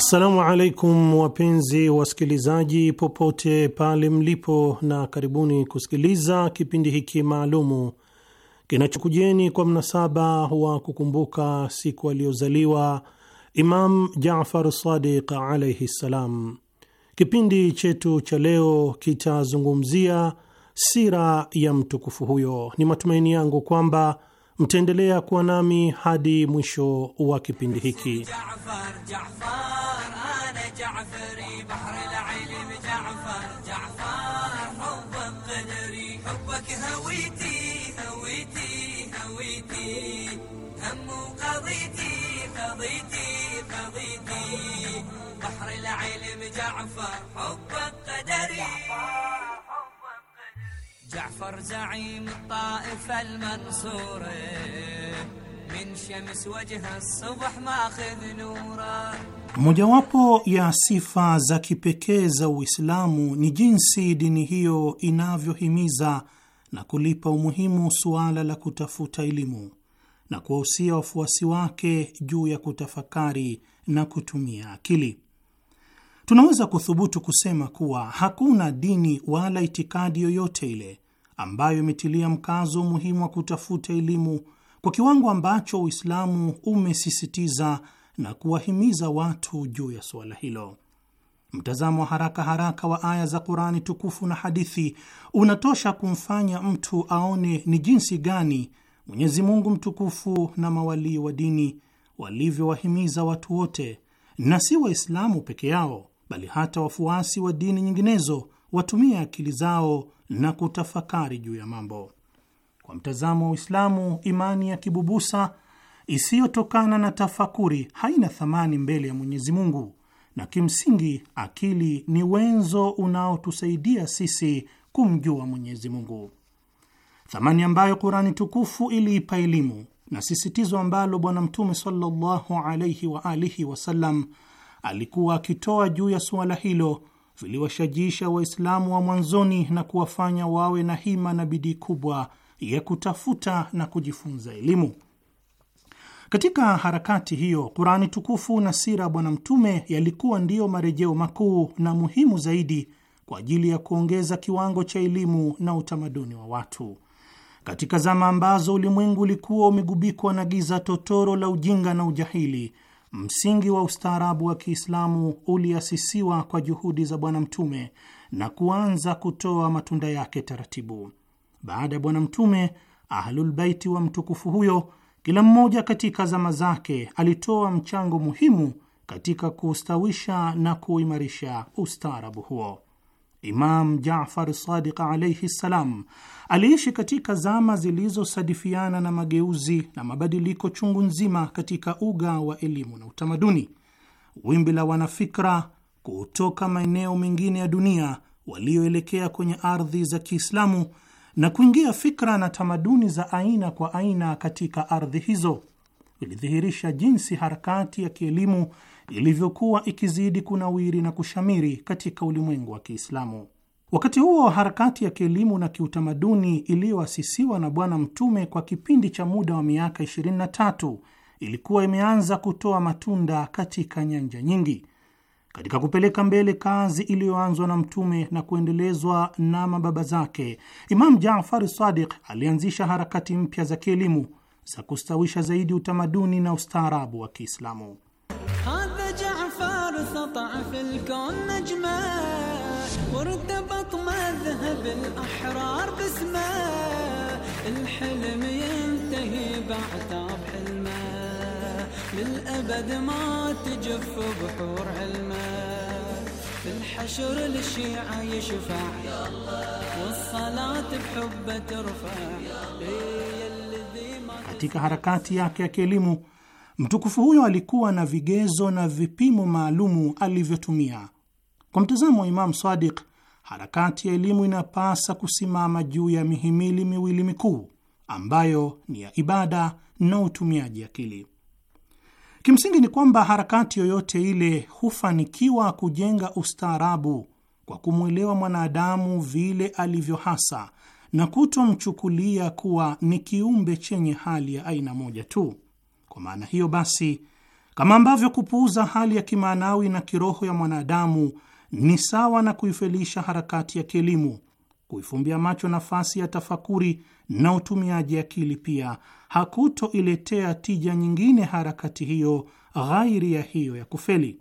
Assalamu alaikum wapenzi wasikilizaji, popote pale mlipo, na karibuni kusikiliza kipindi hiki maalumu kinachokujeni kwa mnasaba wa kukumbuka siku aliyozaliwa Imam Jafar Sadiq alaihi ssalam. Kipindi chetu cha leo kitazungumzia sira ya mtukufu huyo. Ni matumaini yangu kwamba mtaendelea kuwa nami hadi mwisho wa kipindi hiki. جعفر زعيم الطائفة المنصورة من شمس وجه الصبح ماخذ نوره. Mojawapo ya sifa za kipekee za Uislamu ni jinsi dini hiyo inavyohimiza na kulipa umuhimu suala la kutafuta elimu na kuwahusia wafuasi wake juu ya kutafakari na kutumia akili tunaweza kuthubutu kusema kuwa hakuna dini wala itikadi yoyote ile ambayo imetilia mkazo umuhimu wa kutafuta elimu kwa kiwango ambacho Uislamu umesisitiza na kuwahimiza watu juu ya suala hilo. Mtazamo wa haraka haraka wa aya za Kurani tukufu na hadithi unatosha kumfanya mtu aone ni jinsi gani Mwenyezi Mungu mtukufu na mawalii wa dini walivyowahimiza watu wote na si Waislamu peke yao bali hata wafuasi wa dini nyinginezo watumie akili zao na kutafakari juu ya mambo. Kwa mtazamo wa Uislamu, imani ya kibubusa isiyotokana na tafakuri haina thamani mbele ya Mwenyezi Mungu, na kimsingi akili ni wenzo unaotusaidia sisi kumjua Mwenyezi Mungu, thamani ambayo Kurani tukufu iliipa elimu na sisitizo ambalo Bwana Mtume sallallahu alaihi wa alihi wasallam alikuwa akitoa juu ya suala hilo viliwashajiisha Waislamu wa mwanzoni na kuwafanya wawe na hima na bidii kubwa ya kutafuta na kujifunza elimu. Katika harakati hiyo, Kurani tukufu na sira Bwana Mtume yalikuwa ndiyo marejeo makuu na muhimu zaidi kwa ajili ya kuongeza kiwango cha elimu na utamaduni wa watu. Katika zama ambazo ulimwengu ulikuwa umegubikwa na giza totoro la ujinga na ujahili Msingi wa ustaarabu wa Kiislamu uliasisiwa kwa juhudi za Bwana Mtume na kuanza kutoa matunda yake taratibu. Baada ya Bwana Mtume, Ahlulbaiti wa mtukufu huyo, kila mmoja katika zama zake, alitoa mchango muhimu katika kuustawisha na kuimarisha ustaarabu huo. Imam Jafar Sadiq alaihi ssalam aliishi katika zama zilizosadifiana na mageuzi na mabadiliko chungu nzima katika uga wa elimu na utamaduni. Wimbi la wanafikra kutoka maeneo mengine ya dunia walioelekea kwenye ardhi za Kiislamu na kuingia fikra na tamaduni za aina kwa aina katika ardhi hizo vilidhihirisha jinsi harakati ya kielimu ilivyokuwa ikizidi kunawiri na kushamiri katika ulimwengu wa Kiislamu. Wakati huo harakati ya kielimu na kiutamaduni iliyoasisiwa na Bwana Mtume kwa kipindi cha muda wa miaka 23 ilikuwa imeanza kutoa matunda katika nyanja nyingi, katika kupeleka mbele kazi iliyoanzwa na Mtume na kuendelezwa na mababa zake. Imam Jafar Sadiq alianzisha harakati mpya za kielimu za kustawisha zaidi utamaduni na ustaarabu wa Kiislamu. بعثا بحلمه للأبد ما تجف بحور علمه في الحشر للشيعة يشفع والصلاة بحبه ترفع Katika harakati yake ya kielimu mtukufu huyo alikuwa na vigezo na vipimo maalumu alivyotumia. Kwa mtazamo wa Imam Sadiq, harakati ya elimu inapasa kusimama juu ya mihimili miwili mikuu ambayo ni ya ibada na utumiaji akili. Kimsingi ni kwamba harakati yoyote ile hufanikiwa kujenga ustaarabu kwa kumwelewa mwanadamu vile alivyo hasa na kutomchukulia kuwa ni kiumbe chenye hali ya aina moja tu. Kwa maana hiyo basi, kama ambavyo kupuuza hali ya kimaanawi na kiroho ya mwanadamu ni sawa na kuifelisha harakati ya kielimu, kuifumbia macho nafasi ya tafakuri na utumiaji akili pia hakutoiletea tija nyingine harakati hiyo ghairi ya hiyo ya kufeli.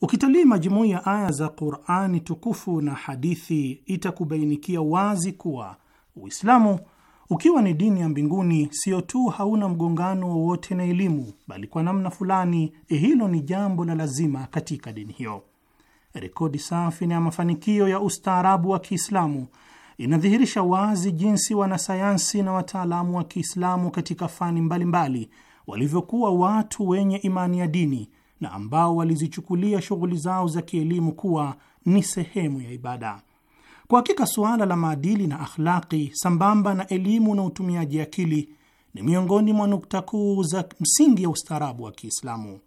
Ukitalii majumui ya aya za Qur'ani tukufu na hadithi, itakubainikia wazi kuwa Uislamu ukiwa ni dini ya mbinguni, sio tu hauna mgongano wowote na elimu, bali kwa namna fulani hilo ni jambo la lazima katika dini hiyo. Rekodi safi na ya mafanikio ya ustaarabu wa Kiislamu inadhihirisha wazi jinsi wanasayansi na wataalamu wa Kiislamu katika fani mbalimbali walivyokuwa watu wenye imani ya dini na ambao walizichukulia shughuli zao za kielimu kuwa ni sehemu ya ibada. Kwa hakika suala la maadili na akhlaki sambamba na elimu na utumiaji akili ni miongoni mwa nukta kuu za msingi ya ustaarabu wa Kiislamu.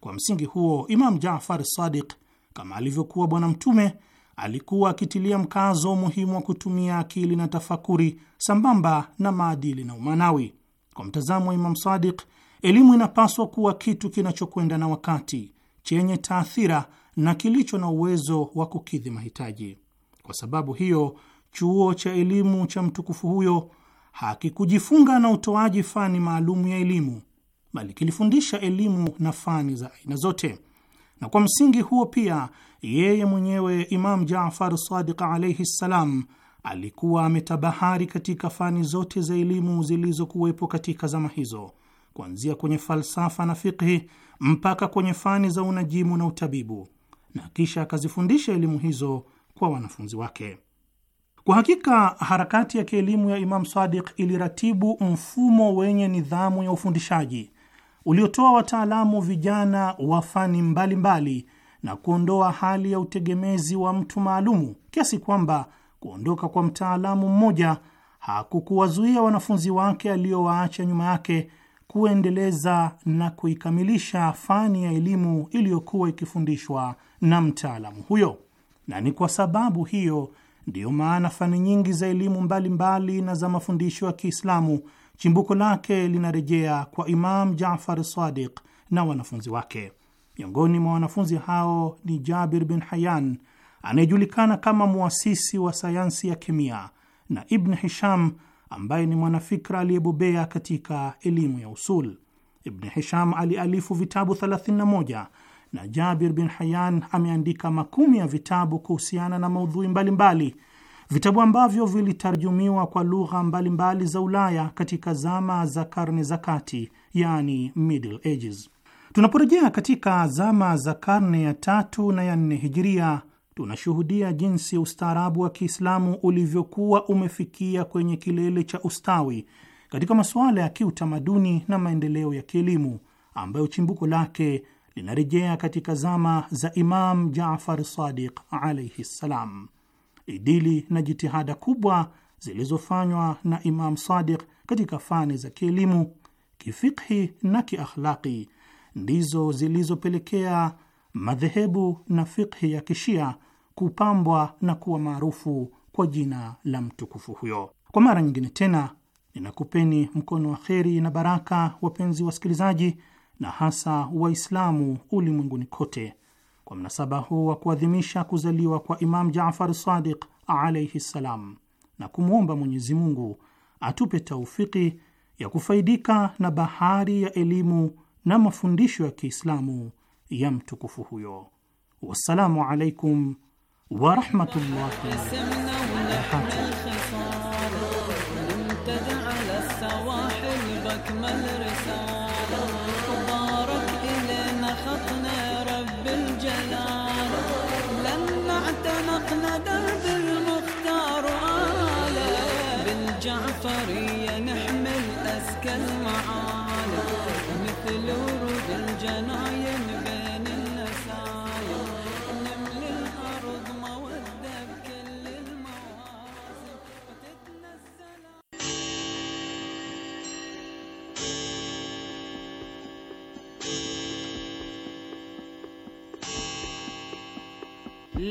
Kwa msingi huo, Imam Jafar Sadiq kama alivyokuwa Bwana Mtume alikuwa akitilia mkazo umuhimu wa kutumia akili na tafakuri sambamba na maadili na umanawi. Kwa mtazamo wa Imam Sadiq, elimu inapaswa kuwa kitu kinachokwenda na wakati, chenye taathira na kilicho na uwezo wa kukidhi mahitaji. Kwa sababu hiyo, chuo cha elimu cha mtukufu huyo hakikujifunga na utoaji fani maalumu ya elimu, bali kilifundisha elimu na fani za aina zote, na kwa msingi huo pia yeye mwenyewe Imam Jafar Sadiq alaihi ssalam alikuwa ametabahari katika fani zote za elimu zilizokuwepo katika zama hizo, kuanzia kwenye falsafa na fikhi mpaka kwenye fani za unajimu na utabibu, na kisha akazifundisha elimu hizo kwa wanafunzi wake. Kwa hakika harakati ya kielimu ya Imam Sadiq iliratibu mfumo wenye nidhamu ya ufundishaji uliotoa wataalamu vijana wa fani mbalimbali na kuondoa hali ya utegemezi wa mtu maalumu kiasi kwamba kuondoka kwa mtaalamu mmoja hakukuwazuia wanafunzi wake aliyowaacha nyuma yake kuendeleza na kuikamilisha fani ya elimu iliyokuwa ikifundishwa na mtaalamu huyo. Na ni kwa sababu hiyo ndiyo maana fani nyingi za elimu mbalimbali na za mafundisho ya Kiislamu chimbuko lake linarejea kwa Imam Jafar Sadiq na wanafunzi wake. Miongoni mwa wanafunzi hao ni Jabir bin Hayyan anayejulikana kama muasisi wa sayansi ya kemia na Ibn Hisham ambaye ni mwanafikra aliyebobea katika elimu ya usul. Ibn Hisham alialifu vitabu 31 na Jabir bin Hayyan ameandika makumi ya vitabu kuhusiana na maudhui mbalimbali mbali. Vitabu ambavyo vilitarjumiwa kwa lugha mbalimbali za Ulaya katika zama za karne za kati, yani Middle Ages. Tunaporejea katika zama za karne ya tatu na ya nne hijiria, tunashuhudia jinsi ustaarabu wa Kiislamu ulivyokuwa umefikia kwenye kilele cha ustawi katika masuala ya kiutamaduni na maendeleo ya kielimu ambayo chimbuko lake linarejea katika zama za Imam Jafar Sadiq alaihi ssalam. Idili na jitihada kubwa zilizofanywa na Imam Sadiq katika fani za kielimu, kifikhi na kiakhlaqi ndizo zilizopelekea madhehebu na fikhi ya kishia kupambwa na kuwa maarufu kwa jina la mtukufu huyo. Kwa mara nyingine tena ninakupeni mkono wa kheri na baraka, wapenzi wasikilizaji, na hasa Waislamu ulimwenguni kote kwa mnasaba huu wa kuadhimisha kuzaliwa kwa Imam Jafar Sadiq alaihi ssalam, na kumwomba Mwenyezi Mungu atupe taufiki ya kufaidika na bahari ya elimu na mafundisho ya Kiislamu ya mtukufu huyo. Wassalamu alaikum warahmatullahi wabarakatuh. درب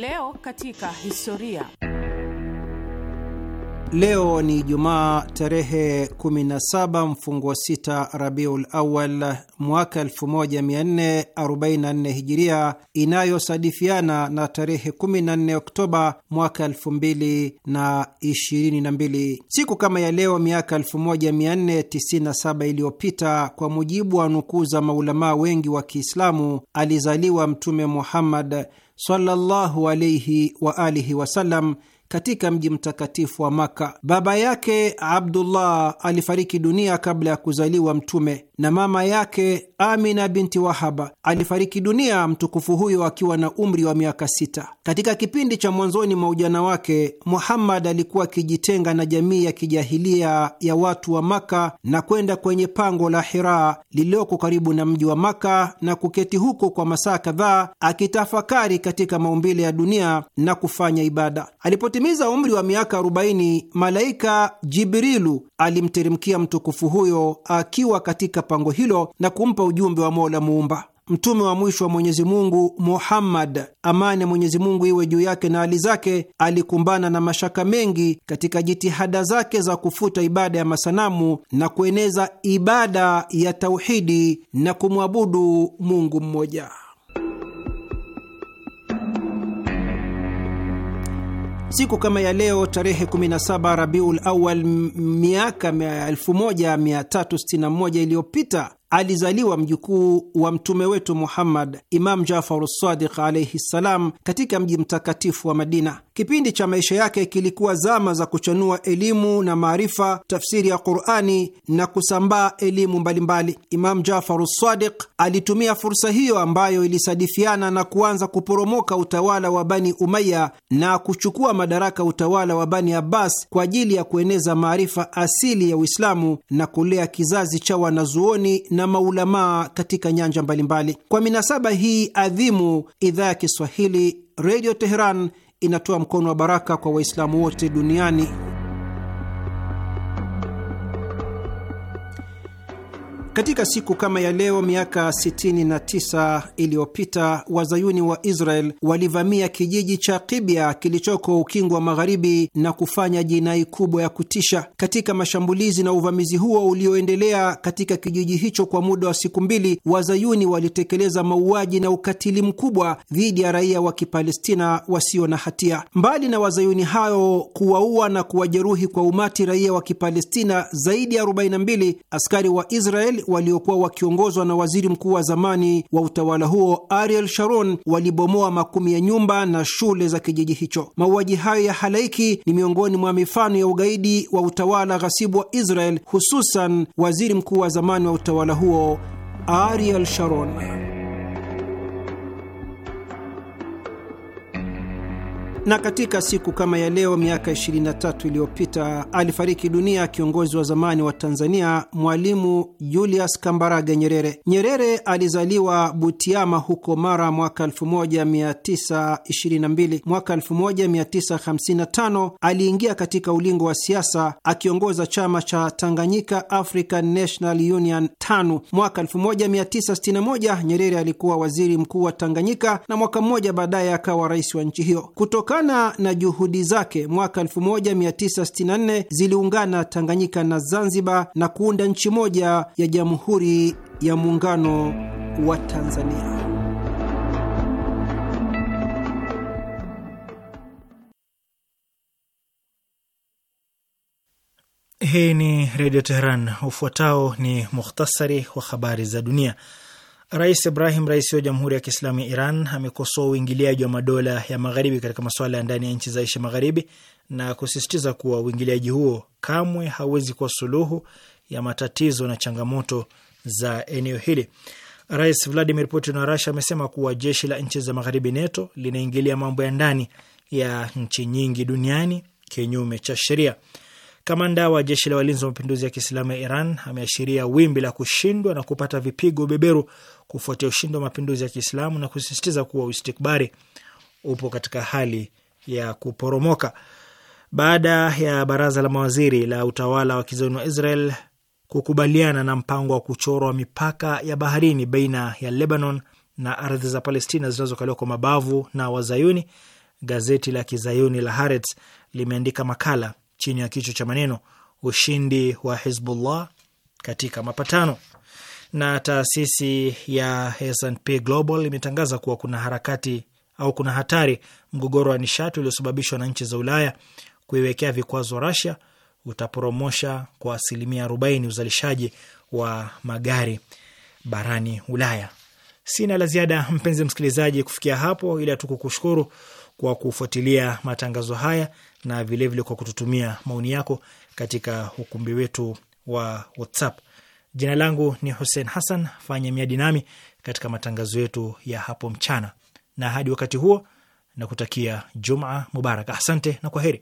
Leo katika historia. Leo ni Jumaa tarehe 17 mfungo 6 Rabiul Awal mwaka 1444 Hijiria, inayosadifiana na tarehe 14 Oktoba mwaka 2022. Siku kama ya leo miaka 1497 iliyopita, kwa mujibu wa nukuu za maulamaa wengi wa Kiislamu, alizaliwa Mtume Muhammad sallallahu alaihi wa alihi wasallam katika mji mtakatifu wa Maka. Baba yake Abdullah alifariki dunia kabla ya kuzaliwa Mtume, na mama yake Amina binti Wahaba alifariki dunia mtukufu huyo akiwa na umri wa miaka sita. Katika kipindi cha mwanzoni mwa ujana wake, Muhammad alikuwa akijitenga na jamii ya kijahilia ya watu wa Maka na kwenda kwenye pango la Hira lililoko karibu na mji wa Maka na kuketi huko kwa masaa kadhaa akitafakari katika maumbile ya dunia na kufanya ibada Alipo Alipotimiza umri wa miaka 40 malaika Jibrilu alimteremkia mtukufu huyo akiwa katika pango hilo na kumpa ujumbe wa Mola Muumba. Mtume wa mwisho wa Mwenyezi Mungu Muhammad, amani ya Mwenyezi Mungu iwe juu yake na hali zake, alikumbana na mashaka mengi katika jitihada zake za kufuta ibada ya masanamu na kueneza ibada ya tauhidi na kumwabudu Mungu mmoja. Siku kama ya leo tarehe 17 Rabiul Awal miaka 1361 iliyopita alizaliwa mjukuu wa mtume wetu Muhammad, Imam jafar Sadiq alaihi ssalam, katika mji mtakatifu wa Madina. Kipindi cha maisha yake kilikuwa zama za kuchanua elimu na maarifa, tafsiri ya Qurani na kusambaa elimu mbalimbali. Imam jafar Sadiq alitumia fursa hiyo ambayo ilisadifiana na kuanza kuporomoka utawala wa Bani Umaya na kuchukua madaraka utawala wa Bani Abbas kwa ajili ya kueneza maarifa asili ya Uislamu na kulea kizazi cha wanazuoni na na maulamaa katika nyanja mbalimbali. Kwa minasaba hii adhimu, idhaa ya Kiswahili Redio Teheran inatoa mkono wa baraka kwa Waislamu wote duniani. Katika siku kama ya leo miaka 69 iliyopita wazayuni wa Israel walivamia kijiji cha Kibya kilichoko ukingo wa magharibi na kufanya jinai kubwa ya kutisha. Katika mashambulizi na uvamizi huo ulioendelea katika kijiji hicho kwa muda wa siku mbili, wazayuni walitekeleza mauaji na ukatili mkubwa dhidi ya raia wa Kipalestina wasio na hatia. Mbali na wazayuni hayo kuwaua na kuwajeruhi kwa umati raia wa Kipalestina zaidi ya 42, askari wa Israel waliokuwa wakiongozwa na waziri mkuu wa zamani wa utawala huo Ariel Sharon walibomoa makumi ya nyumba na shule za kijiji hicho. Mauaji hayo ya halaiki ni miongoni mwa mifano ya ugaidi wa utawala ghasibu wa Israel, hususan waziri mkuu wa zamani wa utawala huo Ariel Sharon. Na katika siku kama ya leo miaka 23 iliyopita alifariki dunia kiongozi wa zamani wa Tanzania, Mwalimu Julius Kambarage Nyerere. Nyerere alizaliwa Butiama huko Mara mwaka 1922. Mwaka 1955 aliingia katika ulingo wa siasa akiongoza chama cha Tanganyika African National Union TANU. Mwaka 1961 Nyerere alikuwa waziri mkuu wa Tanganyika na mwaka mmoja baadaye akawa rais wa nchi hiyo. Kutoka Kutokana na juhudi zake, mwaka 1964 ziliungana Tanganyika na Zanzibar na kuunda nchi moja ya Jamhuri ya Muungano wa Tanzania. Hii ni Redio Teheran. Ufuatao ni mukhtasari wa habari za dunia. Rais Ibrahim Raisi wa Jamhuri ya Kiislamu ya Iran amekosoa uingiliaji wa madola ya magharibi katika masuala ya ndani ya nchi za Asia Magharibi na kusisitiza kuwa uingiliaji huo kamwe hauwezi kuwa suluhu ya matatizo na changamoto za eneo hili. Rais Vladimir Putin wa Russia amesema kuwa jeshi la nchi za magharibi NATO linaingilia mambo ya ndani ya nchi nyingi duniani kinyume cha sheria. Kamanda wa jeshi la walinzi wa mapinduzi ya Kiislamu ya Iran ameashiria wimbi la kushindwa na kupata vipigo beberu kufuatia ushindi wa mapinduzi ya Kiislamu na kusisitiza kuwa uistikbari upo katika hali ya kuporomoka. Baada ya baraza la mawaziri la utawala wa kizoni wa Israel kukubaliana na mpango wa kuchorwa mipaka ya baharini baina ya Lebanon na ardhi za Palestina zinazokaliwa kwa mabavu na Wazayuni, gazeti la kizayuni la Haaretz limeandika makala chini ya kichwa cha maneno ushindi wa Hizbullah katika mapatano. Na taasisi ya S&P Global imetangaza kuwa kuna harakati au kuna hatari mgogoro wa nishati uliosababishwa na nchi za Ulaya kuiwekea vikwazo Russia utaporomosha kwa asilimia 40 uzalishaji wa magari barani Ulaya. Sina la ziada, mpenzi msikilizaji, kufikia hapo, ila tu kukushukuru kwa kufuatilia matangazo haya na vilevile vile kwa kututumia maoni yako katika ukumbi wetu wa WhatsApp. Jina langu ni Hussein Hassan. Fanya miadi nami katika matangazo yetu ya hapo mchana, na hadi wakati huo, nakutakia Juma Mubarak. Asante na kwa heri